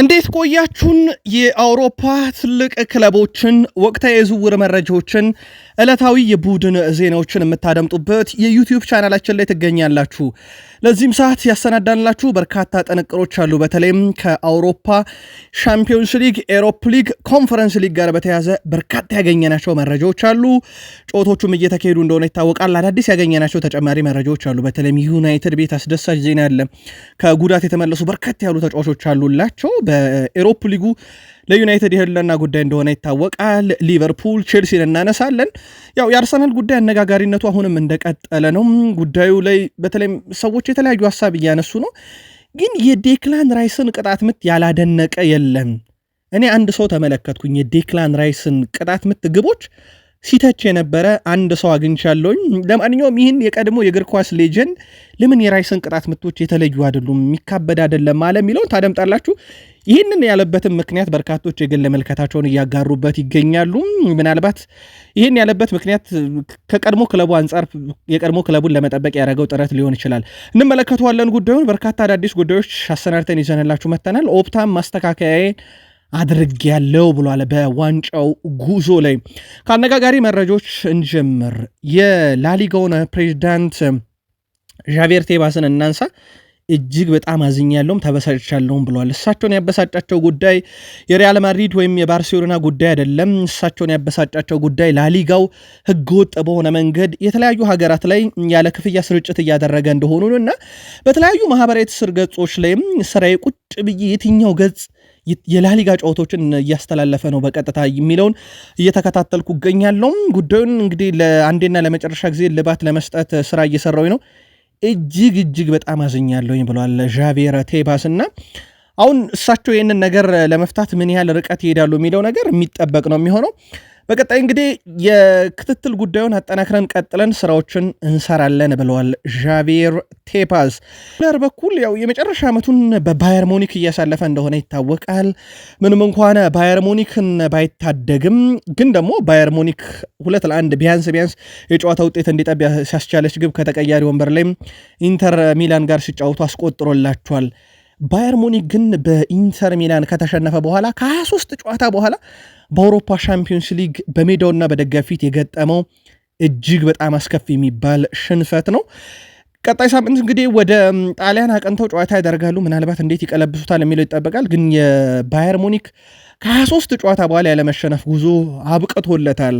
እንዴት ቆያችሁን? የአውሮፓ ትልቅ ክለቦችን ወቅታዊ የዝውውር መረጃዎችን፣ ዕለታዊ የቡድን ዜናዎችን የምታደምጡበት የዩቲዩብ ቻናላችን ላይ ትገኛላችሁ። ለዚህም ሰዓት ያሰናዳንላችሁ በርካታ ጥንቅሮች አሉ። በተለይም ከአውሮፓ ሻምፒዮንስ ሊግ፣ ኤሮፕ ሊግ፣ ኮንፈረንስ ሊግ ጋር በተያዘ በርካታ ያገኘናቸው መረጃዎች አሉ። ጨዋታዎቹም እየተካሄዱ እንደሆነ ይታወቃል። አዳዲስ ያገኘናቸው ተጨማሪ መረጃዎች አሉ። በተለይም ዩናይትድ ቤት አስደሳች ዜና አለ። ከጉዳት የተመለሱ በርካታ ያሉ ተጫዋቾች አሉላቸው። በኤሮፕ ሊጉ ለዩናይትድ የህልውና ጉዳይ እንደሆነ ይታወቃል። ሊቨርፑል፣ ቼልሲን እናነሳለን። ያው የአርሰናል ጉዳይ አነጋጋሪነቱ አሁንም እንደቀጠለ ነው። ጉዳዩ ላይ በተለይም ሰዎች የተለያዩ ሀሳብ እያነሱ ነው። ግን የዴክላን ራይስን ቅጣት ምት ያላደነቀ የለም። እኔ አንድ ሰው ተመለከትኩኝ የዴክላን ራይስን ቅጣት ምት ግቦች ሲተች የነበረ አንድ ሰው አግኝቻለሁኝ። ለማንኛውም ይህን የቀድሞ የእግር ኳስ ሌጀንድ ለምን የራይሰን ቅጣት ምቶች የተለዩ አይደሉም የሚካበድ አይደለም አለ የሚለውን ታደምጣላችሁ። ይህንን ያለበትም ምክንያት በርካቶች የግል መልከታቸውን እያጋሩበት ይገኛሉ። ምናልባት ይህን ያለበት ምክንያት ከቀድሞ ክለቡ አንጻር የቀድሞ ክለቡን ለመጠበቅ ያደረገው ጥረት ሊሆን ይችላል። እንመለከተዋለን ጉዳዩን። በርካታ አዳዲስ ጉዳዮች አሰናድተን ይዘንላችሁ መጥተናል። ኦፕታም ማስተካከያዬ አድርግ ያለው ብሏል። በዋንጫው ጉዞ ላይ ከአነጋጋሪ መረጃዎች እንጀምር። የላሊጋውን ፕሬዚዳንት ዣቬር ቴባስን እናንሳ። እጅግ በጣም አዝኛለሁም ተበሳጭቻለሁም ብለዋል። እሳቸውን ያበሳጫቸው ጉዳይ የሪያል ማድሪድ ወይም የባርሴሎና ጉዳይ አይደለም። እሳቸውን ያበሳጫቸው ጉዳይ ላሊጋው ሕገወጥ በሆነ መንገድ የተለያዩ ሀገራት ላይ ያለ ክፍያ ስርጭት እያደረገ እንደሆኑ እና በተለያዩ ማህበራዊ ትስስር ገጾች ላይም ስራዬ ቁጭ ብዬ የትኛው ገጽ የላሊጋ ጨዋታዎችን እያስተላለፈ ነው በቀጥታ የሚለውን እየተከታተልኩ እገኛለሁ። ጉዳዩን እንግዲህ ለአንዴና ለመጨረሻ ጊዜ ልባት ለመስጠት ስራ እየሰራሁኝ ነው። እጅግ እጅግ በጣም አዝኛለሁኝ ብለዋል ዣቬር ቴባስ እና አሁን እሳቸው ይህንን ነገር ለመፍታት ምን ያህል ርቀት ይሄዳሉ የሚለው ነገር የሚጠበቅ ነው የሚሆነው በቀጣይ እንግዲህ የክትትል ጉዳዩን አጠናክረን ቀጥለን ስራዎችን እንሰራለን ብለዋል ዣቬር ቴፓዝ። ር በኩል ያው የመጨረሻ ዓመቱን በባየር ሙኒክ እያሳለፈ እንደሆነ ይታወቃል። ምንም እንኳን ባየር ሙኒክን ባይታደግም ግን ደግሞ ባየር ሙኒክ ሁለት ለአንድ ቢያንስ ቢያንስ የጨዋታ ውጤት እንዲጠብ ሲያስቻለች ግብ ከተቀያሪ ወንበር ላይም ኢንተር ሚላን ጋር ሲጫወቱ አስቆጥሮላቸዋል። ባየር ሙኒክ ግን በኢንተር ሚላን ከተሸነፈ በኋላ ከ23 ጨዋታ በኋላ በአውሮፓ ሻምፒዮንስ ሊግ በሜዳውና በደጋፊት የገጠመው እጅግ በጣም አስከፊ የሚባል ሽንፈት ነው። ቀጣይ ሳምንት እንግዲህ ወደ ጣሊያን አቅንተው ጨዋታ ያደርጋሉ። ምናልባት እንዴት ይቀለብሱታል የሚለው ይጠበቃል። ግን የባየር ሙኒክ ከ23 ጨዋታ በኋላ ያለመሸነፍ ጉዞ አብቅቶለታል።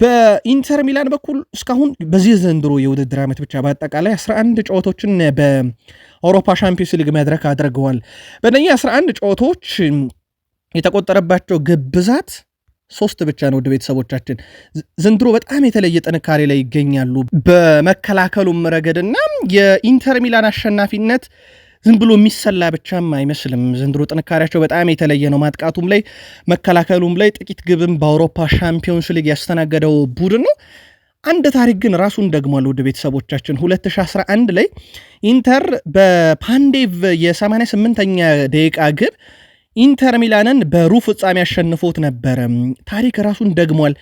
በኢንተር ሚላን በኩል እስካሁን በዚህ ዘንድሮ የውድድር ዓመት ብቻ በአጠቃላይ 11 ጨዋታዎችን በአውሮፓ ሻምፒዮንስ ሊግ መድረክ አድርገዋል። በነህ 11 ጨዋታዎች የተቆጠረባቸው ግብ ብዛት ሶስት ብቻ ነው። ውድ ቤተሰቦቻችን ዘንድሮ በጣም የተለየ ጥንካሬ ላይ ይገኛሉ በመከላከሉም ረገድና የኢንተር ሚላን አሸናፊነት ዝም ብሎ የሚሰላ ብቻም አይመስልም። ዘንድሮ ጥንካሬያቸው በጣም የተለየ ነው። ማጥቃቱም ላይ መከላከሉም ላይ ጥቂት ግብም በአውሮፓ ሻምፒዮንስ ሊግ ያስተናገደው ቡድን ነው። አንድ ታሪክ ግን ራሱን ደግሟል። ውድ ቤተሰቦቻችን 2011 ላይ ኢንተር በፓንዴቭ የ88ኛ ደቂቃ ግብ ኢንተር ሚላንን በሩብ ፍጻሜ ያሸንፎት ነበረ። ታሪክ ራሱን ደግሟል።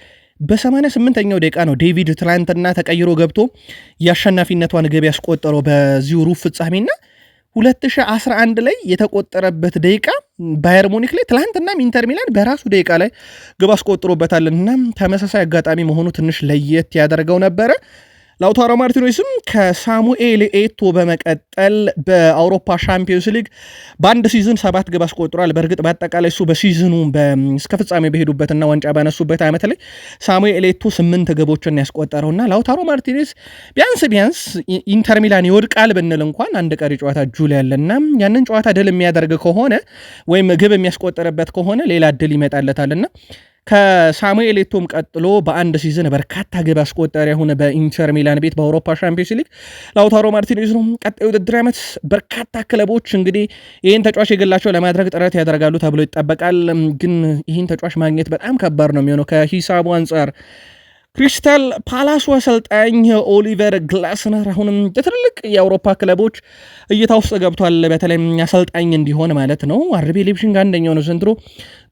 በ88ኛው ደቂቃ ነው ዴቪድ ትላንትና ተቀይሮ ገብቶ የአሸናፊነቷን ግብ ያስቆጠረው በዚሁ ሩብ ፍጻሜና 2011 ላይ የተቆጠረበት ደቂቃ ባየር ሙኒክ ላይ ትላንትናም ኢንተር ሚላን በራሱ ደቂቃ ላይ ግብ አስቆጥሮበታል። እና ተመሳሳይ አጋጣሚ መሆኑ ትንሽ ለየት ያደርገው ነበረ። ላውታሮ ማርቲኖስም ከሳሙኤል ኤቶ በመቀጠል በአውሮፓ ሻምፒዮንስ ሊግ በአንድ ሲዝን ሰባት ግብ አስቆጥሯል። በእርግጥ በአጠቃላይ እሱ በሲዝኑ እስከ ፍጻሜ በሄዱበትና ዋንጫ ባነሱበት ዓመት ላይ ሳሙኤል ኤቶ ስምንት ግቦችን ያስቆጠረውና ላውታሮ ማርቲኔስ ቢያንስ ቢያንስ ኢንተር ሚላን ይወድቃል ብንል እንኳን አንድ ቀሪ ጨዋታ ጁል ያለና ያንን ጨዋታ ድል የሚያደርግ ከሆነ ወይም ግብ የሚያስቆጥርበት ከሆነ ሌላ ድል ይመጣለታልና ከሳሙኤል ኤቶም ቀጥሎ በአንድ ሲዝን በርካታ ግብ አስቆጠር የሆነ በኢንተር ሚላን ቤት በአውሮፓ ሻምፒዮንስ ሊግ ላውታሮ ማርቲኔዝ ነው። ቀጣይ ውድድር ዓመት በርካታ ክለቦች እንግዲህ ይህን ተጫዋች የግላቸው ለማድረግ ጥረት ያደርጋሉ ተብሎ ይጠበቃል። ግን ይህን ተጫዋች ማግኘት በጣም ከባድ ነው የሚሆነው ከሂሳቡ አንጻር። ክሪስታል ፓላሱ አሰልጣኝ ኦሊቨር ግላስነር አሁንም ለትልልቅ የአውሮፓ ክለቦች እይታ ውስጥ ገብቷል። በተለይ አሰልጣኝ እንዲሆን ማለት ነው። አርቤ ሌብሽንግ አንደኛው ነው ዘንድሮ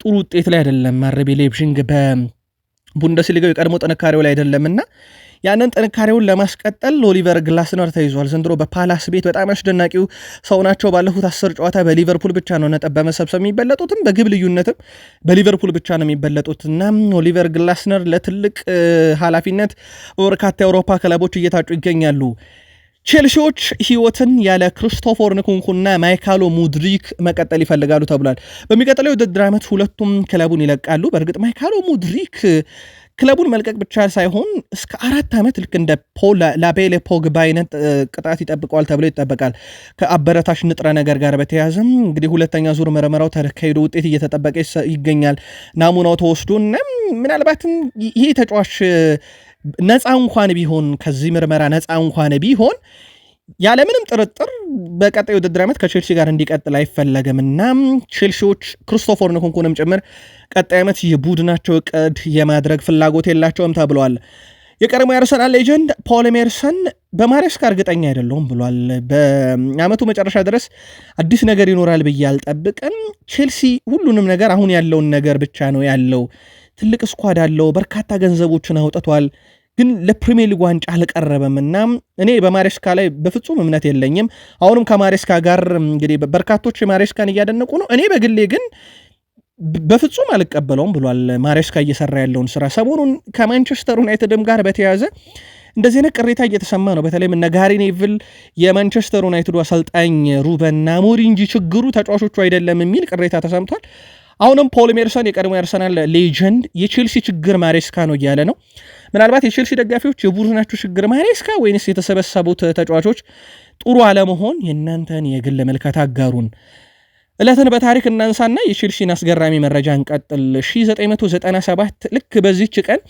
ጥሩ ውጤት ላይ አይደለም። አረቤ ሌብሽንግ በቡንደስሊጋው የቀድሞ ጥንካሬው ላይ አይደለምና ያንን ጥንካሬውን ለማስቀጠል ኦሊቨር ግላስነር ተይዟል። ዘንድሮ በፓላስ ቤት በጣም አስደናቂው ሰው ናቸው። ባለፉት አስር ጨዋታ በሊቨርፑል ብቻ ነው ነጥብ በመሰብሰብ የሚበለጡትም በግብ ልዩነትም በሊቨርፑል ብቻ ነው የሚበለጡት እና ኦሊቨር ግላስነር ለትልቅ ኃላፊነት በበርካታ የአውሮፓ ክለቦች እየታጩ ይገኛሉ። ቼልሲዎች ህይወትን ያለ ክሪስቶፈር ንኩንኩና ማይካሎ ሙድሪክ መቀጠል ይፈልጋሉ ተብሏል። በሚቀጥለው የውድድር ዓመት ሁለቱም ክለቡን ይለቃሉ። በእርግጥ ማይካሎ ሙድሪክ ክለቡን መልቀቅ ብቻ ሳይሆን እስከ አራት ዓመት ልክ እንደ ላቤሌ ፖግባ አይነት ቅጣት ይጠብቀዋል ተብሎ ይጠበቃል። ከአበረታሽ ንጥረ ነገር ጋር በተያያዘም እንግዲህ ሁለተኛ ዙር ምርመራው ተካሂዶ ውጤት እየተጠበቀ ይገኛል። ናሙናው ተወስዶ እና ምናልባትም ይሄ ተጫዋች ነፃ እንኳን ቢሆን ከዚህ ምርመራ ነፃ እንኳን ቢሆን ያለምንም ጥርጥር በቀጣይ ውድድር ዓመት ከቼልሲ ጋር እንዲቀጥል አይፈለግም እና ቼልሲዎች ክርስቶፎር ንኩንኩንም ጭምር ቀጣይ ዓመት የቡድናቸው እቅድ የማድረግ ፍላጎት የላቸውም ተብሏል። የቀድሞ የአርሰናል ሌጀንድ ፖል ሜርሰን በማሬስካ እርግጠኛ አይደለውም ብሏል። በአመቱ መጨረሻ ድረስ አዲስ ነገር ይኖራል ብዬ አልጠብቅም። ቼልሲ ሁሉንም ነገር አሁን ያለውን ነገር ብቻ ነው ያለው። ትልቅ ስኳድ አለው። በርካታ ገንዘቦችን አውጥቷል። ግን ለፕሪሚየር ሊግ ዋንጫ አልቀረበም እና እኔ በማሬስካ ላይ በፍጹም እምነት የለኝም። አሁንም ከማሬስካ ጋር እንግዲህ በርካቶች ማሬስካን እያደነቁ ነው። እኔ በግሌ ግን በፍጹም አልቀበለውም ብሏል ማሬስካ እየሰራ ያለውን ስራ። ሰሞኑን ከማንቸስተር ዩናይትድም ጋር በተያያዘ እንደዚህ አይነት ቅሬታ እየተሰማ ነው። በተለይም እነ ጋሪ ኔቪል የማንቸስተር ዩናይትዱ አሰልጣኝ ሩበን አሞሪም እንጂ ችግሩ ተጫዋቾቹ አይደለም የሚል ቅሬታ ተሰምቷል። አሁንም ፖል ሜርሰን የቀድሞ ያርሰናል ሌጀንድ የቼልሲ ችግር ማሬስካ ነው እያለ ነው። ምናልባት የቼልሲ ደጋፊዎች የቡድናቸው ችግር ማሬስካ ወይንስ የተሰበሰቡት ተጫዋቾች ጥሩ አለመሆን? የእናንተን የግል መልከት አጋሩን። እለትን በታሪክ እናንሳና የቼልሲን አስገራሚ መረጃ እንቀጥል። 1997 ልክ በዚች ቀን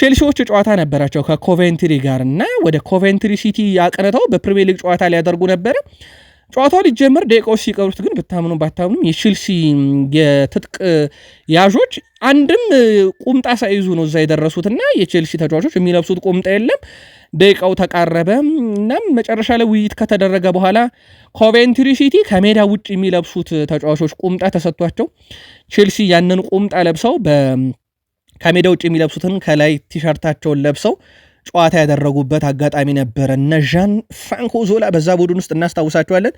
ቼልሲዎች ጨዋታ ነበራቸው ከኮቬንትሪ ጋር እና ወደ ኮቬንትሪ ሲቲ አቅንተው በፕሪሚየር ሊግ ጨዋታ ሊያደርጉ ነበረ። ጨዋታው ሊጀመር ደቂቃዎች ሲቀሩት ግን ብታምኑ ባታምኑም የቼልሲ የትጥቅ ያዦች አንድም ቁምጣ ሳይዙ ነው እዛ የደረሱትና የቼልሲ ተጫዋቾች የሚለብሱት ቁምጣ የለም። ደቂቃው ተቃረበ። እናም መጨረሻ ላይ ውይይት ከተደረገ በኋላ ኮቬንትሪ ሲቲ ከሜዳ ውጭ የሚለብሱት ተጫዋቾች ቁምጣ ተሰጥቷቸው ቼልሲ ያንን ቁምጣ ለብሰው ከሜዳ ውጭ የሚለብሱትን ከላይ ቲሸርታቸውን ለብሰው ጨዋታ ያደረጉበት አጋጣሚ ነበረ። እነ ዣን ፍራንኮ ዞላ በዛ ቡድን ውስጥ እናስታውሳቸዋለን።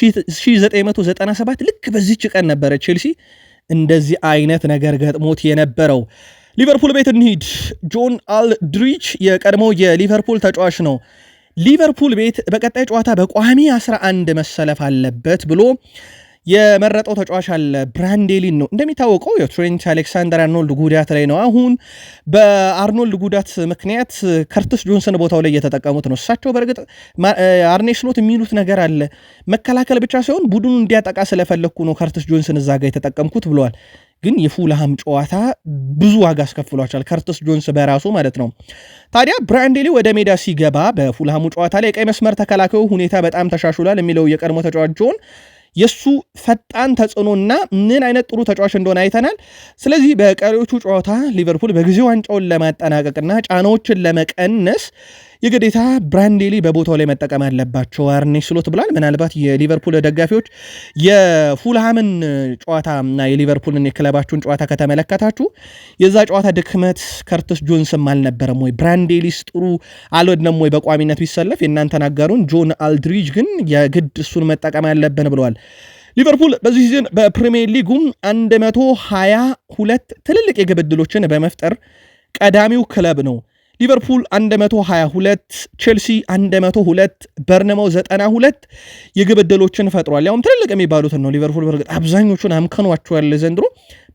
1997 ልክ በዚች ቀን ነበረ ቼልሲ እንደዚህ አይነት ነገር ገጥሞት የነበረው። ሊቨርፑል ቤት እንሂድ። ጆን አልድሪች የቀድሞ የሊቨርፑል ተጫዋች ነው። ሊቨርፑል ቤት በቀጣይ ጨዋታ በቋሚ 11 መሰለፍ አለበት ብሎ የመረጠው ተጫዋች አለ ብራንዴሊን ነው። እንደሚታወቀው የትሬንት አሌክሳንደር አርኖልድ ጉዳት ላይ ነው። አሁን በአርኖልድ ጉዳት ምክንያት ከርትስ ጆንሰን ቦታው ላይ እየተጠቀሙት ነው። እሳቸው በእርግጥ አርኔ ስሎት የሚሉት ነገር አለ መከላከል ብቻ ሳይሆን ቡድኑ እንዲያጠቃ ስለፈለግኩ ነው ከርትስ ጆንሰን እዛ ጋር የተጠቀምኩት ብለዋል። ግን የፉልሃም ጨዋታ ብዙ ዋጋ አስከፍሏቸዋል። ከርትስ ጆንስ በራሱ ማለት ነው። ታዲያ ብራንዴሊ ወደ ሜዳ ሲገባ በፉልሃሙ ጨዋታ ላይ የቀይ መስመር ተከላካዩ ሁኔታ በጣም ተሻሽሏል የሚለው የቀድሞ ተጫዋች ጆን የእሱ ፈጣን ተጽዕኖና ምን አይነት ጥሩ ተጫዋች እንደሆነ አይተናል። ስለዚህ በቀሪዎቹ ጨዋታ ሊቨርፑል በጊዜ ዋንጫውን ለማጠናቀቅና ጫናዎችን ለመቀነስ የግዴታ ብራንዴሊ በቦታው ላይ መጠቀም አለባቸው አርኔ ስሎት ብሏል። ምናልባት የሊቨርፑል ደጋፊዎች የፉልሃምን ጨዋታ እና የሊቨርፑልን የክለባችሁን ጨዋታ ከተመለከታችሁ የዛ ጨዋታ ድክመት ከርትስ ጆንስም አልነበረም ወይ? ብራንዴሊስ ጥሩ አልወድነም ወይ? በቋሚነት ቢሰለፍ የእናንተ አጋሩን ጆን አልድሪጅ ግን የግድ እሱን መጠቀም ያለብን ብለዋል። ሊቨርፑል በዚህ ሲዝን በፕሪሚየር ሊጉም 122 ትልልቅ የግብ ዕድሎችን በመፍጠር ቀዳሚው ክለብ ነው። ሊቨርፑል 122፣ ቼልሲ 102፣ በርንመው 92 የግብ ዕድሎችን ፈጥሯል። ያውም ትልልቅ የሚባሉትን ነው። ሊቨርፑል በእርግጥ አብዛኞቹን አምከኗቸዋል ዘንድሮ።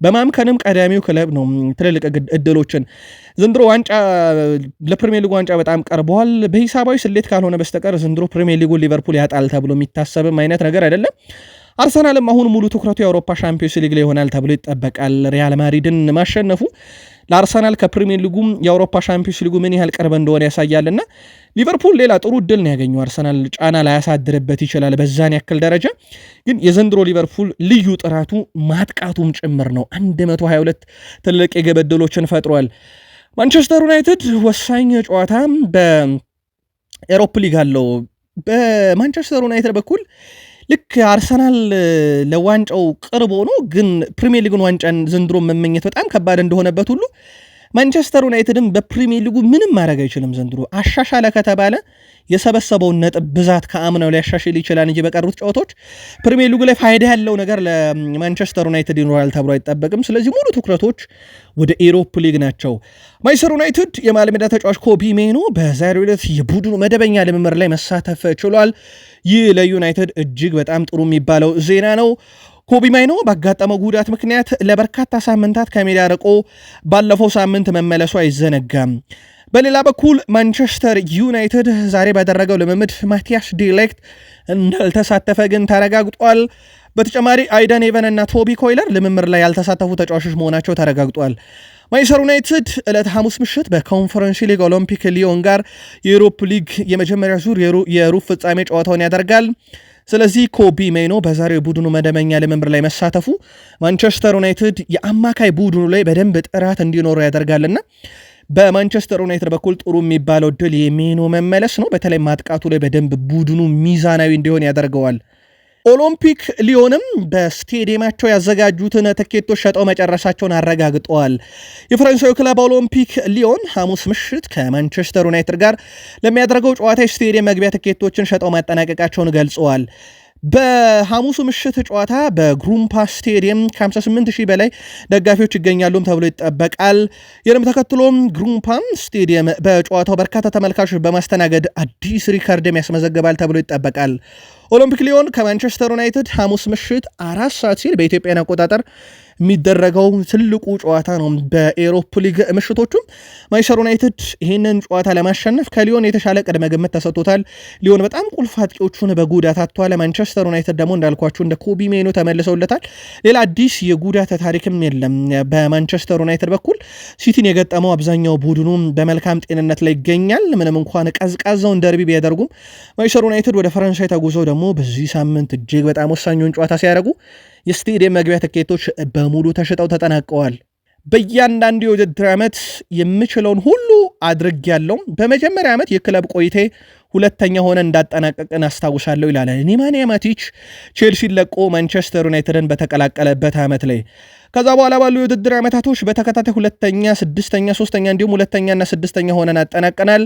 በማምከንም ቀዳሚው ክለብ ነው። ትልልቅ ዕድሎችን ዘንድሮ ዋንጫ ለፕሪሚየር ሊግ ዋንጫ በጣም ቀርበዋል። በሂሳባዊ ስሌት ካልሆነ በስተቀር ዘንድሮ ፕሪሚየር ሊጉን ሊቨርፑል ያጣል ተብሎ የሚታሰብም አይነት ነገር አይደለም። አርሰናልም አሁን ሙሉ ትኩረቱ የአውሮፓ ሻምፒዮንስ ሊግ ላይ ይሆናል ተብሎ ይጠበቃል። ሪያል ማድሪድን ማሸነፉ ለአርሰናል ከፕሪሚየር ሊጉም የአውሮፓ ሻምፒዮንስ ሊጉ ምን ያህል ቅርብ እንደሆነ ያሳያልና ሊቨርፑል ሌላ ጥሩ እድል ነው ያገኘው። አርሰናል ጫና ላያሳድርበት ይችላል በዛን ያክል ደረጃ ግን የዘንድሮ ሊቨርፑል ልዩ ጥራቱ ማጥቃቱም ጭምር ነው። 122 ትልቅ የግብ ዕድሎችን ፈጥሯል። ማንቸስተር ዩናይትድ ወሳኝ ጨዋታም በኤሮፕ ሊግ አለው። በማንቸስተር ዩናይትድ በኩል ልክ አርሰናል ለዋንጫው ቅርብ ሆኖ ግን ፕሪሚየር ሊግን ዋንጫን ዘንድሮ መመኘት በጣም ከባድ እንደሆነበት ሁሉ ማንቸስተር ዩናይትድም በፕሪሚየር ሊጉ ምንም ማድረግ አይችልም። ዘንድሮ አሻሻለ ከተባለ የሰበሰበውን ነጥብ ብዛት ከአምናው ሊያሻሽል ይችላል እንጂ በቀሩት ጨዋታዎች ፕሪሚየር ሊጉ ላይ ፋይዳ ያለው ነገር ለማንቸስተር ዩናይትድ ይኖራል ተብሎ አይጠበቅም። ስለዚህ ሙሉ ትኩረቶች ወደ ኤሮፕ ሊግ ናቸው። ማንቸስተር ዩናይትድ የመሃል ሜዳ ተጫዋች ኮቢ ሜኖ በዛሬው ዕለት የቡድኑ መደበኛ ልምምድ ላይ መሳተፍ ችሏል። ይህ ለዩናይትድ እጅግ በጣም ጥሩ የሚባለው ዜና ነው። ኮቢ ማይኖ ባጋጠመው ጉዳት ምክንያት ለበርካታ ሳምንታት ከሜዳ ርቆ ባለፈው ሳምንት መመለሱ አይዘነጋም። በሌላ በኩል ማንቸስተር ዩናይትድ ዛሬ ባደረገው ልምምድ ማቲያስ ዲሌክት እንዳልተሳተፈ ግን ተረጋግጧል። በተጨማሪ አይደን ኤቨን እና ቶቢ ኮይለር ልምምድ ላይ ያልተሳተፉ ተጫዋቾች መሆናቸው ተረጋግጧል። ማንቸስተር ዩናይትድ ዕለት ሐሙስ ምሽት በኮንፈረንስ ሊግ ኦሎምፒክ ሊዮን ጋር የዩሮፕ ሊግ የመጀመሪያ ዙር የሩብ ፍጻሜ ጨዋታውን ያደርጋል። ስለዚህ ኮቢ ሜኖ በዛሬው ቡድኑ መደበኛ ልምምድ ላይ መሳተፉ ማንቸስተር ዩናይትድ የአማካይ ቡድኑ ላይ በደንብ ጥራት እንዲኖሩ ያደርጋልና በማንቸስተር ዩናይትድ በኩል ጥሩ የሚባለው ድል የሜኖ መመለስ ነው። በተለይ ማጥቃቱ ላይ በደንብ ቡድኑ ሚዛናዊ እንዲሆን ያደርገዋል። ኦሎምፒክ ሊዮንም በስቴዲየማቸው ያዘጋጁትን ትኬቶች ሸጠው መጨረሳቸውን አረጋግጠዋል። የፈረንሳዩ ክለብ ኦሎምፒክ ሊዮን ሐሙስ ምሽት ከማንቸስተር ዩናይትድ ጋር ለሚያደርገው ጨዋታ የስቴዲየም መግቢያ ትኬቶችን ሸጠው ማጠናቀቃቸውን ገልጸዋል። በሐሙሱ ምሽት ጨዋታ በግሩምፓ ስቴዲየም ከ58 ሺህ በላይ ደጋፊዎች ይገኛሉም ተብሎ ይጠበቃል። ይህንም ተከትሎም ግሩምፓም ስቴዲየም በጨዋታው በርካታ ተመልካቾች በማስተናገድ አዲስ ሪከርድም ያስመዘግባል ተብሎ ይጠበቃል። ኦሎምፒክ ሊዮን ከማንቸስተር ዩናይትድ ሐሙስ ምሽት አራት ሰዓት ሲል በኢትዮጵያን አቆጣጠር የሚደረገው ትልቁ ጨዋታ ነው። በኤሮፕ ሊግ ምሽቶቹም ማንቸስተር ዩናይትድ ይህንን ጨዋታ ለማሸነፍ ከሊዮን የተሻለ ቅድመ ግምት ተሰጥቶታል። ሊዮን በጣም ቁልፍ አጥቂዎቹን በጉዳት አጥቷል። ማንቸስተር ዩናይትድ ደግሞ እንዳልኳቸው እንደ ኮቢ ሜኖ ተመልሰውለታል። ሌላ አዲስ የጉዳት ታሪክም የለም በማንቸስተር ዩናይትድ በኩል ሲቲን የገጠመው አብዛኛው ቡድኑ በመልካም ጤንነት ላይ ይገኛል። ምንም እንኳን ቀዝቃዛውን ደርቢ ቢያደርጉም ማንቸስተር ዩናይትድ ወደ ፈረንሳይ ተጉዘው ደግሞ በዚህ ሳምንት እጅግ በጣም ወሳኙን ጨዋታ ሲያደርጉ የስቴዲየም መግቢያ ትኬቶች በሙሉ ተሽጠው ተጠናቀዋል። በእያንዳንዱ የውድድር ዓመት የምችለውን ሁሉ ያለው በመጀመሪያ ዓመት የክለብ ቆይቴ ሁለተኛ ሆነ እንዳጠናቀቅን አስታውሳለሁ ይላል ኒማንያ ማቲች ቼልሲን ለቆ ማንቸስተር ዩናይትድን በተቀላቀለበት ዓመት ላይ። ከዛ በኋላ ባሉ የውድድር ዓመታቶች በተከታታይ ሁለተኛ፣ ስድስተኛ፣ ሶስተኛ እንዲሁም ሁለተኛና ስድስተኛ ሆነን አጠናቀናል።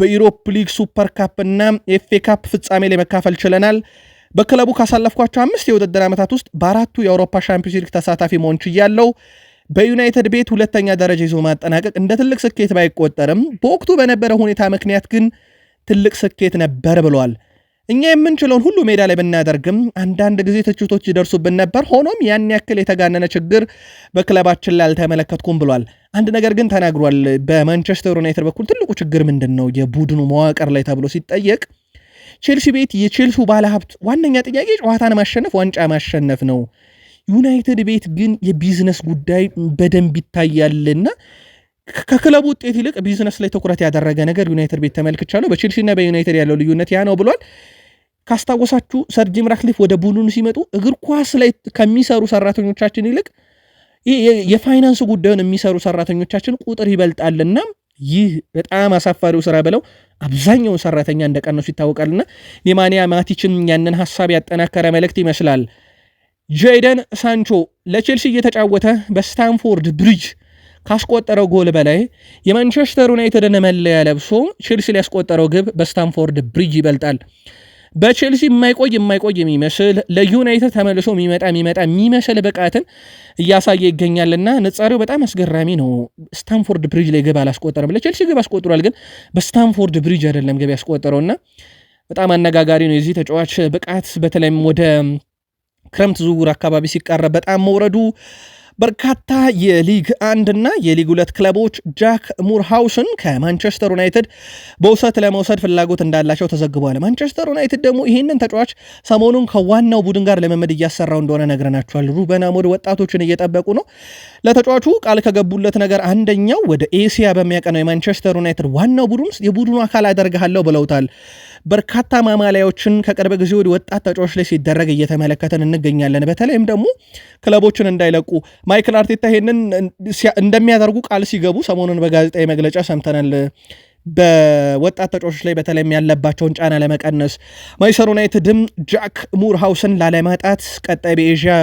በኢሮፕ ሊግ፣ ሱፐር ካፕ እና ኤፌ ካፕ ፍጻሜ ላይ መካፈል ችለናል። በክለቡ ካሳለፍኳቸው አምስት የውድድር ዓመታት ውስጥ በአራቱ የአውሮፓ ሻምፒዮንስ ሊግ ተሳታፊ መሆን ችያለሁ። በዩናይትድ ቤት ሁለተኛ ደረጃ ይዞ ማጠናቀቅ እንደ ትልቅ ስኬት ባይቆጠርም በወቅቱ በነበረ ሁኔታ ምክንያት ግን ትልቅ ስኬት ነበር ብሏል። እኛ የምንችለውን ሁሉ ሜዳ ላይ ብናደርግም አንዳንድ ጊዜ ትችቶች ይደርሱብን ነበር። ሆኖም ያን ያክል የተጋነነ ችግር በክለባችን ላይ አልተመለከትኩም ብሏል። አንድ ነገር ግን ተናግሯል። በማንቸስተር ዩናይትድ በኩል ትልቁ ችግር ምንድን ነው የቡድኑ መዋቅር ላይ ተብሎ ሲጠየቅ ቼልሲ ቤት የቼልሲው ባለሀብት ዋነኛ ጥያቄ ጨዋታን ማሸነፍ፣ ዋንጫ ማሸነፍ ነው። ዩናይትድ ቤት ግን የቢዝነስ ጉዳይ በደንብ ይታያልና ከክለቡ ውጤት ይልቅ ቢዝነስ ላይ ትኩረት ያደረገ ነገር ዩናይትድ ቤት ተመልክቻለሁ። በቼልሲና በዩናይትድ ያለው ልዩነት ያ ነው ብሏል። ካስታወሳችሁ ሰር ጂም ራትክሊፍ ወደ ቡድኑ ሲመጡ እግር ኳስ ላይ ከሚሰሩ ሰራተኞቻችን ይልቅ የፋይናንስ ጉዳዩን የሚሰሩ ሰራተኞቻችን ቁጥር ይበልጣልና ይህ በጣም አሳፋሪው ስራ ብለው አብዛኛውን ሰራተኛ እንደቀነሱ ይታወቃልና ኔማንያ ማቲችን ያንን ሀሳብ ያጠናከረ መልእክት ይመስላል። ጄደን ሳንቾ ለቼልሲ እየተጫወተ በስታንፎርድ ብሪጅ ካስቆጠረው ጎል በላይ የማንቸስተር ዩናይትድን መለያ ለብሶ ቼልሲ ሊያስቆጠረው ግብ በስታንፎርድ ብሪጅ ይበልጣል። በቼልሲ የማይቆይ የማይቆይ የሚመስል ለዩናይትድ ተመልሶ የሚመጣ የሚመጣ የሚመስል ብቃትን እያሳየ ይገኛልና ንጻሬው በጣም አስገራሚ ነው። ስታንፎርድ ብሪጅ ላይ ግብ አላስቆጠረም። ለቼልሲ ግብ አስቆጥሯል፣ ግን በስታንፎርድ ብሪጅ አይደለም ግብ ያስቆጠረውና በጣም አነጋጋሪ ነው የዚህ ተጫዋች ብቃት በተለይም ወደ ክረምት ዝውውር አካባቢ ሲቃረብ በጣም መውረዱ በርካታ የሊግ አንድና የሊግ ሁለት ክለቦች ጃክ ሙርሃውስን ከማንቸስተር ዩናይትድ በውሰት ለመውሰድ ፍላጎት እንዳላቸው ተዘግቧል። ማንቸስተር ዩናይትድ ደግሞ ይህንን ተጫዋች ሰሞኑን ከዋናው ቡድን ጋር ለመመድ እያሰራው እንደሆነ ነግረናቸዋል። ሩበን አሞሪም ወጣቶችን እየጠበቁ ነው። ለተጫዋቹ ቃል ከገቡለት ነገር አንደኛው ወደ ኤሲያ በሚያቀነው የማንቸስተር ዩናይትድ ዋናው ቡድን ውስጥ የቡድኑ አካል አደርግሃለሁ ብለውታል። በርካታ ማማለያዎችን ከቅርብ ጊዜ ወደ ወጣት ተጫዋች ላይ ሲደረግ እየተመለከተን እንገኛለን። በተለይም ደግሞ ክለቦችን እንዳይለቁ ማይክል አርቴታ ይሄንን እንደሚያደርጉ ቃል ሲገቡ ሰሞኑን በጋዜጣዊ መግለጫ ሰምተናል። በወጣት ተጫዋቾች ላይ በተለይም ያለባቸውን ጫና ለመቀነስ ማንቸስተር ዩናይትድም ጃክ ሙርሃውስን ላለማጣት ቀጣይ በኤዥያ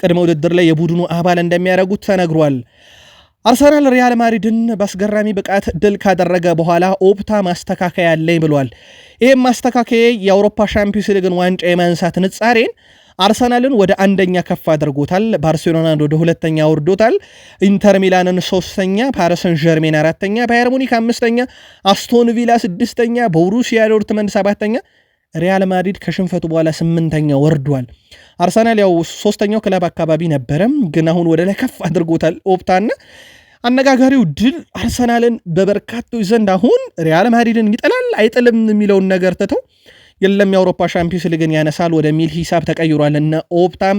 ቅድመ ውድድር ላይ የቡድኑ አባል እንደሚያደርጉት ተነግሯል። አርሰናል ሪያል ማድሪድን በአስገራሚ ብቃት ድል ካደረገ በኋላ ኦፕታ ማስተካከያ አለኝ ብሏል። ይህም ማስተካከያ የአውሮፓ ሻምፒዮንስ ሊግን ዋንጫ የማንሳት ንጻሬን አርሰናልን ወደ አንደኛ ከፍ አድርጎታል። ባርሴሎናን ወደ ሁለተኛ አውርዶታል። ኢንተር ሚላንን ሶስተኛ፣ ፓሪሰን ጀርሜን አራተኛ፣ ባየር ሙኒክ አምስተኛ፣ አስቶን ቪላ ስድስተኛ፣ ቦሩሲያ ዶርትመንድ ሰባተኛ፣ ሪያል ማድሪድ ከሽንፈቱ በኋላ ስምንተኛ ወርዷል። አርሰናል ያው ሶስተኛው ክለብ አካባቢ ነበረም፣ ግን አሁን ወደ ላይ ከፍ አድርጎታል ኦፕታና አነጋጋሪው ድል አርሰናልን በበርካቶች ዘንድ አሁን ሪያል ማድሪድን ይጥላል አይጥልም የሚለውን ነገር ትተው የለም የአውሮፓ ሻምፒዮንስ ሊግን ያነሳል ወደሚል ሂሳብ ተቀይሯል። እነ ኦፕታም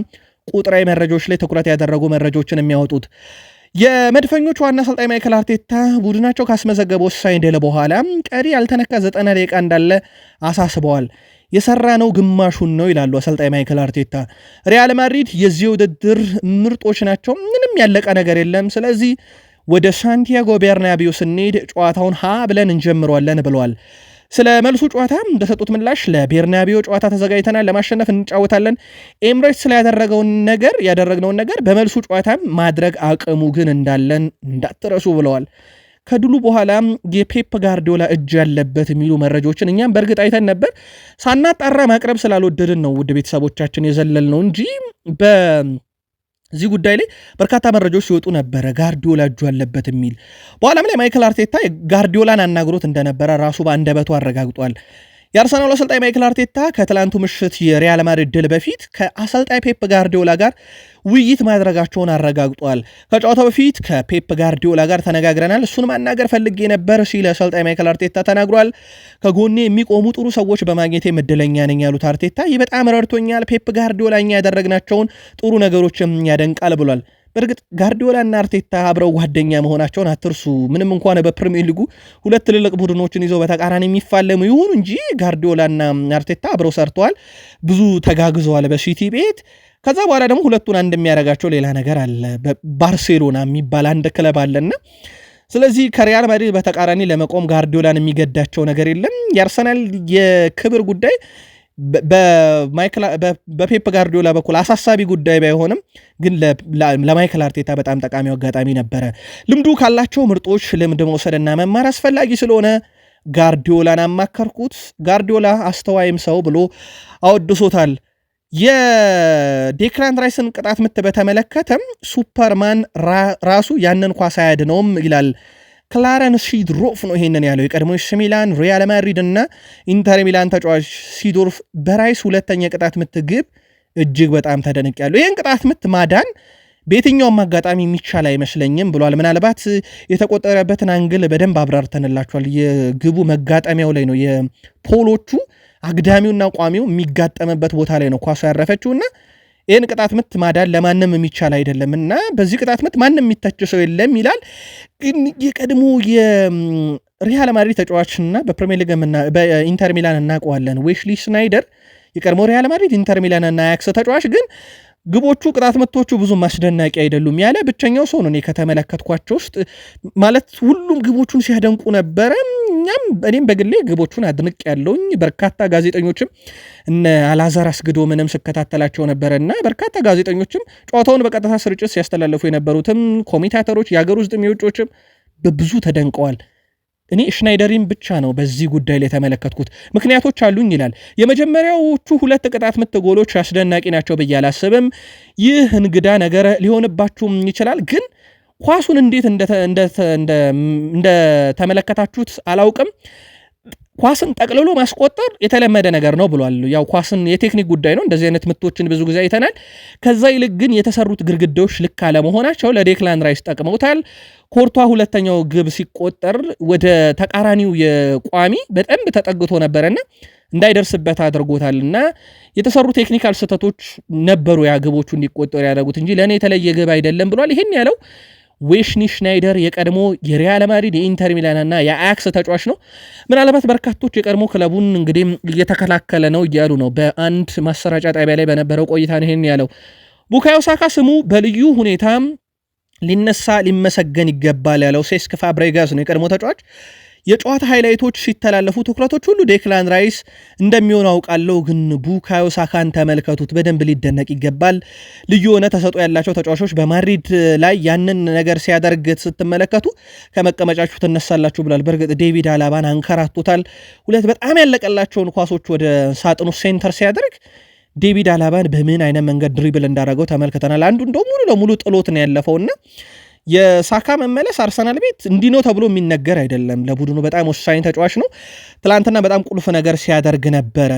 ቁጥራዊ መረጃዎች ላይ ትኩረት ያደረጉ መረጃዎችን የሚያወጡት የመድፈኞች ዋና አሰልጣኝ ማይክል አርቴታ ቡድናቸው ካስመዘገበ ወሳኝ ድል በኋላ ቀሪ ያልተነካ ዘጠና ደቂቃ እንዳለ አሳስበዋል። የሰራ ነው ግማሹን ነው ይላሉ አሰልጣኝ ማይክል አርቴታ። ሪያል ማድሪድ የዚህ ውድድር ምርጦች ናቸው፣ ምንም ያለቀ ነገር የለም። ስለዚህ ወደ ሳንቲያጎ ቤርናቢዮ ስንሄድ ጨዋታውን ሀ ብለን እንጀምረዋለን ብለዋል። ስለ መልሱ ጨዋታ እንደሰጡት ምላሽ ለቤርናቢዮ ጨዋታ ተዘጋጅተናል፣ ለማሸነፍ እንጫወታለን። ኤምሬትስ ስላያደረገውን ነገር ያደረግነውን ነገር በመልሱ ጨዋታ ማድረግ አቅሙ ግን እንዳለን እንዳትረሱ ብለዋል። ከድሉ በኋላ የፔፕ ጋርዲዮላ እጅ ያለበት የሚሉ መረጃዎችን እኛም በእርግጥ አይተን ነበር። ሳናጣራ ማቅረብ ስላልወደድን ነው ውድ ቤተሰቦቻችን የዘለል ነው እንጂ በ እዚህ ጉዳይ ላይ በርካታ መረጃዎች ሲወጡ ነበረ፣ ጋርዲዮላ እጁ አለበት የሚል በኋላም ላይ ማይክል አርቴታ ጋርዲዮላን አናግሮት እንደነበረ ራሱ በአንደበቱ አረጋግጧል። የአርሰናሉ አሰልጣኝ ማይክል አርቴታ ከትላንቱ ምሽት የሪያል ማድሪድ ድል በፊት ከአሰልጣኝ ፔፕ ጋርዲዮላ ጋር ውይይት ማድረጋቸውን አረጋግጧል። ከጨዋታው በፊት ከፔፕ ጋርዲዮላ ጋር ተነጋግረናል፣ እሱን ማናገር ፈልጌ ነበር ሲል አሰልጣኝ ማይክል አርቴታ ተናግሯል። ከጎኔ የሚቆሙ ጥሩ ሰዎች በማግኘቴ እድለኛ ነኝ ያሉት አርቴታ ይህ በጣም ረድቶኛል፣ ፔፕ ጋርዲዮላ እኛ ያደረግናቸውን ጥሩ ነገሮችም ያደንቃል ብሏል። በእርግጥ ጋርዲዮላና አርቴታ አብረው ጓደኛ መሆናቸውን አትርሱ። ምንም እንኳን በፕሪሚየር ሊጉ ሁለት ትልልቅ ቡድኖችን ይዘው በተቃራኒ የሚፋለሙ ይሁኑ እንጂ ጋርዲዮላና አርቴታ አብረው ሰርተዋል፣ ብዙ ተጋግዘዋል በሲቲ ቤት። ከዛ በኋላ ደግሞ ሁለቱን አንድ የሚያደርጋቸው ሌላ ነገር አለ። ባርሴሎና የሚባል አንድ ክለብ አለና ስለዚህ ከሪያል ማድሪድ በተቃራኒ ለመቆም ጋርዲዮላን የሚገዳቸው ነገር የለም። የአርሰናል የክብር ጉዳይ በማይክል በፔፕ ጋርዲዮላ በኩል አሳሳቢ ጉዳይ ባይሆንም ግን ለማይክል አርቴታ በጣም ጠቃሚው አጋጣሚ ነበረ። ልምዱ ካላቸው ምርጦች ልምድ መውሰድና መማር አስፈላጊ ስለሆነ ጋርዲዮላን አማከርኩት። ጋርዲዮላ አስተዋይም ሰው ብሎ አወድሶታል። የዴክላን ራይስን ቅጣት ምት በተመለከተም ሱፐርማን ራሱ ያንን ኳስ አያድነውም ይላል ክላረንስ ሲድሮፍ ነው ይሄንን ያለው። የቀድሞ ኤሲ ሚላን፣ ሪያል ማድሪድ እና ኢንተር ሚላን ተጫዋች ሲዶርፍ በራይስ ሁለተኛ ቅጣት ምት ግብ እጅግ በጣም ተደንቅ ያለው ይህን ቅጣት ምት ማዳን በየትኛውም አጋጣሚ የሚቻል አይመስለኝም ብሏል። ምናልባት የተቆጠረበትን አንግል በደንብ አብራርተንላቸዋል። የግቡ መጋጠሚያው ላይ ነው የፖሎቹ አግዳሚውና ቋሚው የሚጋጠምበት ቦታ ላይ ነው ኳሱ ያረፈችውና ይህን ቅጣት ምት ማዳን ለማንም የሚቻል አይደለም እና በዚህ ቅጣት ምት ማንም የሚታቸው ሰው የለም ይላል። ግን የቀድሞ የሪያል ማድሪድ ተጫዋችና በፕሪሚየር ሊግ በኢንተር ሚላን እናውቀዋለን ዌሽሊ ስናይደር የቀድሞ ሪያል ማድሪድ ኢንተር ሚላንና አያክስ ተጫዋች ግን ግቦቹ ቅጣት ምቶቹ ብዙም አስደናቂ አይደሉም ያለ ብቸኛው ሰው ነው እኔ ከተመለከትኳቸው ውስጥ ማለት ሁሉም ግቦቹን ሲያደንቁ ነበረ። እኛም እኔም በግሌ ግቦቹን አድንቅ ያለውኝ በርካታ ጋዜጠኞችም እነ አላዛር አስግዶ ምንም ስከታተላቸው ነበረና በርካታ ጋዜጠኞችም ጨዋታውን በቀጥታ ስርጭት ሲያስተላለፉ የነበሩትም ኮሚታተሮች የሀገር ውስጥም የውጮችም በብዙ ተደንቀዋል። እኔ ሽናይደሪን ብቻ ነው በዚህ ጉዳይ ላይ የተመለከትኩት። ምክንያቶች አሉኝ ይላል። የመጀመሪያዎቹ ሁለት ቅጣት ምት ጎሎች አስደናቂ ናቸው ብዬ አላስብም። ይህ እንግዳ ነገር ሊሆንባችሁም ይችላል ግን ኳሱን እንዴት እንደተመለከታችሁት አላውቅም። ኳስን ጠቅልሎ ማስቆጠር የተለመደ ነገር ነው ብሏል። ያው ኳስን የቴክኒክ ጉዳይ ነው። እንደዚህ አይነት ምቶችን ብዙ ጊዜ አይተናል። ከዛ ይልቅ ግን የተሰሩት ግድግዳዎች ልክ አለመሆናቸው ለዴክላን ራይስ ጠቅመውታል። ኮርቷ ሁለተኛው ግብ ሲቆጠር ወደ ተቃራኒው የቋሚ በጠንብ ተጠግቶ ነበረና እንዳይደርስበት አድርጎታል እና የተሰሩ ቴክኒካል ስህተቶች ነበሩ ያ ግቦቹ እንዲቆጠሩ ያደረጉት እንጂ ለእኔ የተለየ ግብ አይደለም ብሏል። ይህን ያለው ዌሽኒ ሽናይደር የቀድሞ የሪያል ማድሪድ የኢንተር ሚላንና የአያክስ ተጫዋች ነው። ምናልባት በርካቶች የቀድሞ ክለቡን እንግዲህ እየተከላከለ ነው እያሉ ነው። በአንድ ማሰራጫ ጣቢያ ላይ በነበረው ቆይታ ይህን ያለው ቡካዮ ሳካ ስሙ በልዩ ሁኔታ ሊነሳ ሊመሰገን ይገባል ያለው ሴስክ ፋብሬጋስ ነው የቀድሞ ተጫዋች የጨዋታ ሃይላይቶች ሲተላለፉ ትኩረቶች ሁሉ ዴክላን ራይስ እንደሚሆን አውቃለሁ፣ ግን ቡካዮ ሳካን ተመልከቱት። በደንብ ሊደነቅ ይገባል። ልዩ የሆነ ተሰጦ ያላቸው ተጫዋቾች በማድሪድ ላይ ያንን ነገር ሲያደርግ ስትመለከቱ ከመቀመጫችሁ ትነሳላችሁ ብሏል። በእርግጥ ዴቪድ አላባን አንከራቶታል። ሁለት በጣም ያለቀላቸውን ኳሶች ወደ ሳጥኑ ሴንተር ሲያደርግ ዴቪድ አላባን በምን አይነት መንገድ ድሪብል እንዳደረገው ተመልክተናል። አንዱ እንደው ሙሉ ለሙሉ ጥሎት ነው ያለፈውና የሳካ መመለስ አርሰናል ቤት እንዲህ ነው ተብሎ የሚነገር አይደለም። ለቡድኑ በጣም ወሳኝ ተጫዋች ነው። ትላንትና በጣም ቁልፍ ነገር ሲያደርግ ነበረ።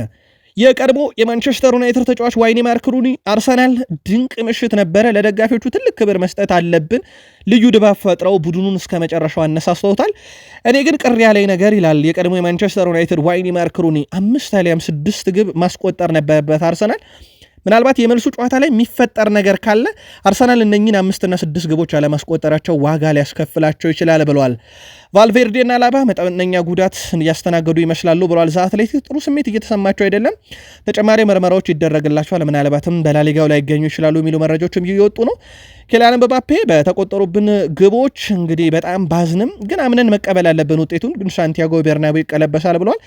የቀድሞ የማንቸስተር ዩናይትድ ተጫዋች ዋይኔ ማርክ ሩኒ አርሰናል ድንቅ ምሽት ነበረ። ለደጋፊዎቹ ትልቅ ክብር መስጠት አለብን። ልዩ ድባብ ፈጥረው ቡድኑን እስከ መጨረሻው አነሳስተውታል። እኔ ግን ቅር ያለኝ ነገር ይላል የቀድሞ የማንቸስተር ዩናይትድ ዋይኔ ማርክ ሩኒ አምስት አሊያም ስድስት ግብ ማስቆጠር ነበረበት አርሰናል ምናልባት የመልሱ ጨዋታ ላይ የሚፈጠር ነገር ካለ አርሰናል እነኝን አምስትና ስድስት ግቦች አለማስቆጠራቸው ዋጋ ሊያስከፍላቸው ይችላል ብለዋል። ቫልቬርዴና ላባ መጠነኛ ጉዳት እያስተናገዱ ይመስላሉ ብለዋል። ዘ አትሌቲክ ጥሩ ስሜት እየተሰማቸው አይደለም፣ ተጨማሪ ምርመራዎች ይደረግላቸዋል፣ ምናልባትም በላሊጋው ላይ ይገኙ ይችላሉ የሚሉ መረጃዎችም እየወጡ ነው። ኬሊያን ምባፔ በተቆጠሩብን ግቦች እንግዲህ በጣም ባዝንም፣ ግን አምነን መቀበል ያለብን ውጤቱን ግን ሳንቲያጎ ቤርናቤው ይቀለበሳል ብለዋል።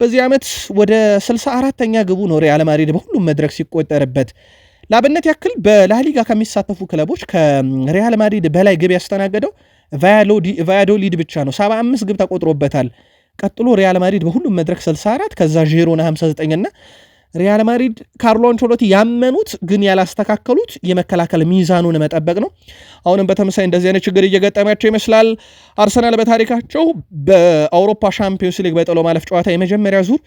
በዚህ ዓመት ወደ 64ተኛ ግቡ ነው ሪያል ማድሪድ በሁሉም መድረክ ሲቆጠርበት። ለአብነት ያክል በላሊጋ ከሚሳተፉ ክለቦች ከሪያል ማድሪድ በላይ ግብ ያስተናገደው ቫያዶሊድ ብቻ ነው፣ 75 ግብ ተቆጥሮበታል። ቀጥሎ ሪያል ማድሪድ በሁሉም መድረክ 64፣ ከዛ ዢሮና 59 እና ሪያል ማድሪድ ካርሎ አንቸሎቲ ያመኑት ግን ያላስተካከሉት የመከላከል ሚዛኑን መጠበቅ ነው። አሁንም በተመሳይ እንደዚህ አይነት ችግር እየገጠማቸው ይመስላል። አርሰናል በታሪካቸው በአውሮፓ ሻምፒዮንስ ሊግ በጥሎ ማለፍ ጨዋታ የመጀመሪያ ዙር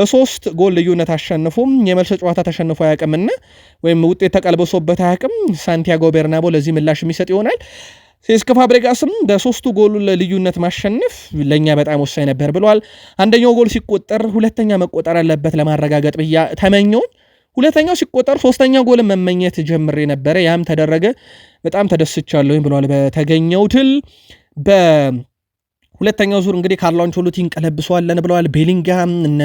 በሶስት ጎል ልዩነት አሸንፎም የመልሰ ጨዋታ ተሸንፎ አያውቅምና ወይም ውጤት ተቀልብሶበት አያውቅም። ሳንቲያጎ ቤርናቦ ለዚህ ምላሽ የሚሰጥ ይሆናል። ሴስክ ፋብሬጋስም በሶስቱ ጎሉ ለልዩነት ማሸነፍ ለእኛ በጣም ወሳኝ ነበር ብለዋል። አንደኛው ጎል ሲቆጠር ሁለተኛ መቆጠር አለበት ለማረጋገጥ ብያ ተመኘው ሁለተኛው ሲቆጠር ሶስተኛ ጎል መመኘት ጀምሬ ነበረ፣ ያም ተደረገ። በጣም ተደስቻለሁኝ ብለዋል። በተገኘው ድል በ ሁለተኛው ዙር እንግዲህ ካርሎ አንቸሎቲ እንቀለብሰዋለን ብለዋል። ቤሊንግሃም፣ እነ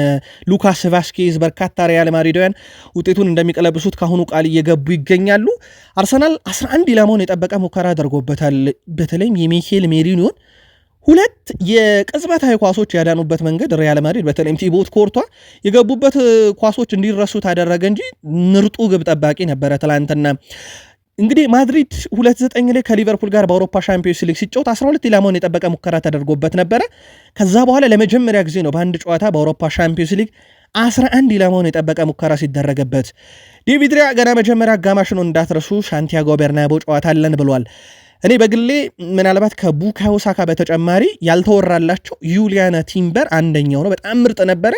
ሉካስ ቫስኬዝ በርካታ ሪያል ማድሪዳውያን ውጤቱን እንደሚቀለብሱት ከአሁኑ ቃል እየገቡ ይገኛሉ። አርሰናል 11 ኢላማውን የጠበቀ ሙከራ አድርጎበታል። በተለይም የሚኬል ሜሪኒዮን ሁለት የቅጽበታዊ ኳሶች ያዳኑበት መንገድ ሪያል ማድሪድ በተለይም ቲቦት ኮርቷ የገቡበት ኳሶች እንዲረሱ ታደረገ እንጂ ምርጡ ግብ ጠባቂ ነበረ ትላንትና እንግዲህ ማድሪድ 29 ላይ ከሊቨርፑል ጋር በአውሮፓ ሻምፒዮንስ ሊግ ሲጫወት 12 ኢላማውን የጠበቀ ሙከራ ተደርጎበት ነበረ። ከዛ በኋላ ለመጀመሪያ ጊዜ ነው በአንድ ጨዋታ በአውሮፓ ሻምፒዮንስ ሊግ 11 ኢላማውን የጠበቀ ሙከራ ሲደረገበት። ዴቪድ ሪያ ገና መጀመሪያ አጋማሽ ነው እንዳትረሱ፣ ሻንቲያጎ በርናቦ ጨዋታ አለን ብሏል። እኔ በግሌ ምናልባት ከቡካዮ ሳካ በተጨማሪ ያልተወራላቸው ዩሊያና ቲምበር አንደኛው ነው፣ በጣም ምርጥ ነበረ።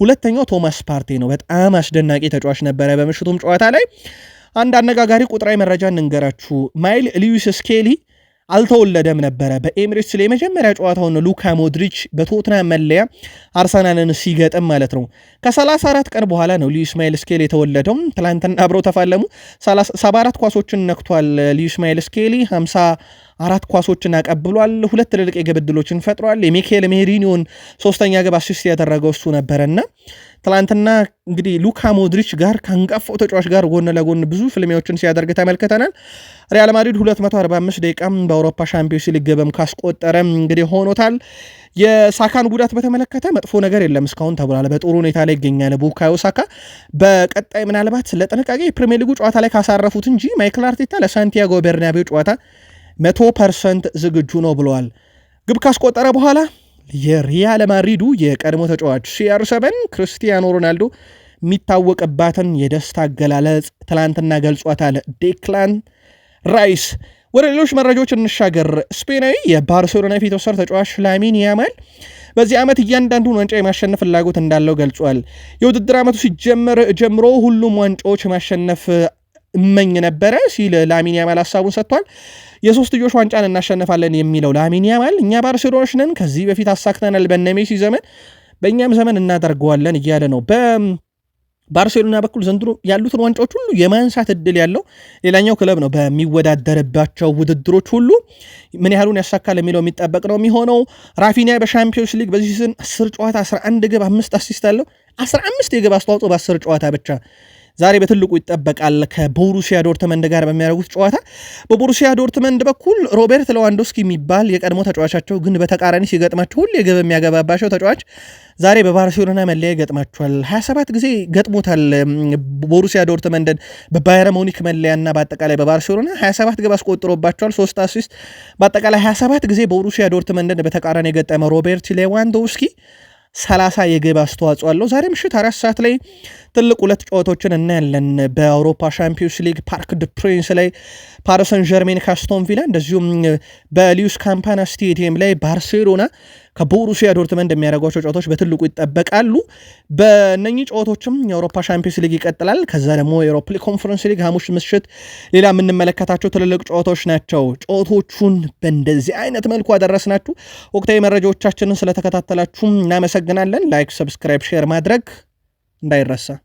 ሁለተኛው ቶማስ ፓርቴ ነው። በጣም አስደናቂ ተጫዋች ነበረ። በምሽቱም ጨዋታ ላይ አንድ አነጋጋሪ ቁጥራዊ መረጃ እንንገራችሁ። ማይል ሊዩስ ስኬሊ አልተወለደም ነበረ። በኤሚሬትስ ላይ የመጀመሪያ ጨዋታውን ሉካ ሞድሪች በቶትናም መለያ አርሰናልን ሲገጥም ማለት ነው። ከ34 ቀን በኋላ ነው ሊዩስ ማይል ስኬሊ የተወለደው። ትላንትና አብረው ተፋለሙ። 74 ኳሶችን ነክቷል ሊዩስ ማይል ስኬሊ 50 አራት ኳሶችን አቀብሏል። ሁለት ትልልቅ የግብ ዕድሎችን ፈጥሯል። የሚካኤል ሜሪኒዮን ሶስተኛ ግብ አሲስት ያደረገው እሱ ነበረና ትላንትና እንግዲህ ሉካ ሞድሪች ጋር ከአንጋፋው ተጫዋች ጋር ጎን ለጎን ብዙ ፍልሚያዎችን ሲያደርግ ተመልክተናል። ሪያል ማድሪድ 245 ደቂቃም በአውሮፓ ሻምፒዮንስ ሊግ ግብም ካስቆጠረም እንግዲህ ሆኖታል። የሳካን ጉዳት በተመለከተ መጥፎ ነገር የለም እስካሁን ተብሏል። በጥሩ ሁኔታ ላይ ይገኛል ቡካዮ ሳካ። በቀጣይ ምናልባት ለጥንቃቄ የፕሪሚየር ሊጉ ጨዋታ ላይ ካሳረፉት እንጂ ማይክል አርቴታ ለሳንቲያጎ በርናቤው ጨዋታ መቶ ፐርሰንት ዝግጁ ነው ብለዋል። ግብ ካስቆጠረ በኋላ የሪያል ማድሪዱ የቀድሞ ተጫዋች ሲአር ሰበን ክርስቲያኖ ሮናልዶ የሚታወቅባትን የደስታ አገላለጽ ትላንትና ገልጿታል። ዴክላን ራይስ። ወደ ሌሎች መረጃዎች እንሻገር። ስፔናዊ የባርሴሎና የፊት ወሰር ተጫዋች ላሚን ያማል በዚህ ዓመት እያንዳንዱን ዋንጫ የማሸነፍ ፍላጎት እንዳለው ገልጿል። የውድድር ዓመቱ ሲጀመር ጀምሮ ሁሉም ዋንጫዎች የማሸነፍ እመኝ ነበረ ሲል ላሚን ያማል ሀሳቡን ሰጥቷል። የሶስትዮሽ ዋንጫን እናሸንፋለን የሚለው ላሚን ያማል እኛ ባርሴሎናዎች ነን፣ ከዚህ በፊት አሳክተናል፣ በነሜሲ ዘመን በእኛም ዘመን እናደርገዋለን እያለ ነው። ባርሴሎና በኩል ዘንድሮ ያሉትን ዋንጫዎች ሁሉ የማንሳት እድል ያለው ሌላኛው ክለብ ነው። በሚወዳደርባቸው ውድድሮች ሁሉ ምን ያህሉን ያሳካል የሚለው የሚጠበቅ ነው የሚሆነው። ራፊኒያ በሻምፒዮንስ ሊግ በዚህ ስን 10 ጨዋታ 11 ግብ፣ 5 አሲስት አለው። 15 የግብ አስተዋጽኦ በ10 ጨዋታ ብቻ ዛሬ በትልቁ ይጠበቃል ከቦሩሲያ ዶርትመንድ ጋር በሚያደርጉት ጨዋታ። በቦሩሲያ ዶርትመንድ በኩል ሮቤርት ሌዋንዶስኪ የሚባል የቀድሞ ተጫዋቻቸው ግን በተቃራኒ ሲገጥማቸው ሁሌ ግብ የሚያገባባቸው ተጫዋች ዛሬ በባርሴሎና መለያ ይገጥማቸዋል። 27 ጊዜ ገጥሞታል ቦሩሲያ ዶርትመንድን በባየር ሙኒክ መለያና በአጠቃላይ በባርሴሎና 27 ግብ አስቆጥሮባቸዋል፣ ሶስት አሲስት። በአጠቃላይ 27 ጊዜ ቦሩሲያ ዶርትመንድን በተቃራኒ የገጠመ ሮቤርት ሌዋንዶስኪ 30 የግብ አስተዋጽኦ አለው። ዛሬ ምሽት አራት ሰዓት ላይ ትልቅ ሁለት ጨዋታዎችን እናያለን። በአውሮፓ ሻምፒዮንስ ሊግ ፓርክ ድ ፕሪንስ ላይ ፓሪሰን ጀርሜን ካስቶን ቪላ እንደዚሁም በሊዩስ ካምፓና ስቴዲየም ላይ ባርሴሎና ከቦሩሲያ ዶርትመንድ የሚያደርጓቸው ጨዋታዎች በትልቁ ይጠበቃሉ። በእነኚህ ጨዋታዎችም የአውሮፓ ሻምፒዮንስ ሊግ ይቀጥላል። ከዛ ደግሞ የአውሮፓ ኮንፈረንስ ሊግ ሐሙስ ምሽት ሌላ የምንመለከታቸው ትልልቅ ጨዋታዎች ናቸው። ጨዋታዎቹን በእንደዚህ አይነት መልኩ አደረስናችሁ። ወቅታዊ መረጃዎቻችንን ስለተከታተላችሁ እናመሰግናለን። ላይክ፣ ሰብስክራይብ፣ ሼር ማድረግ እንዳይረሳ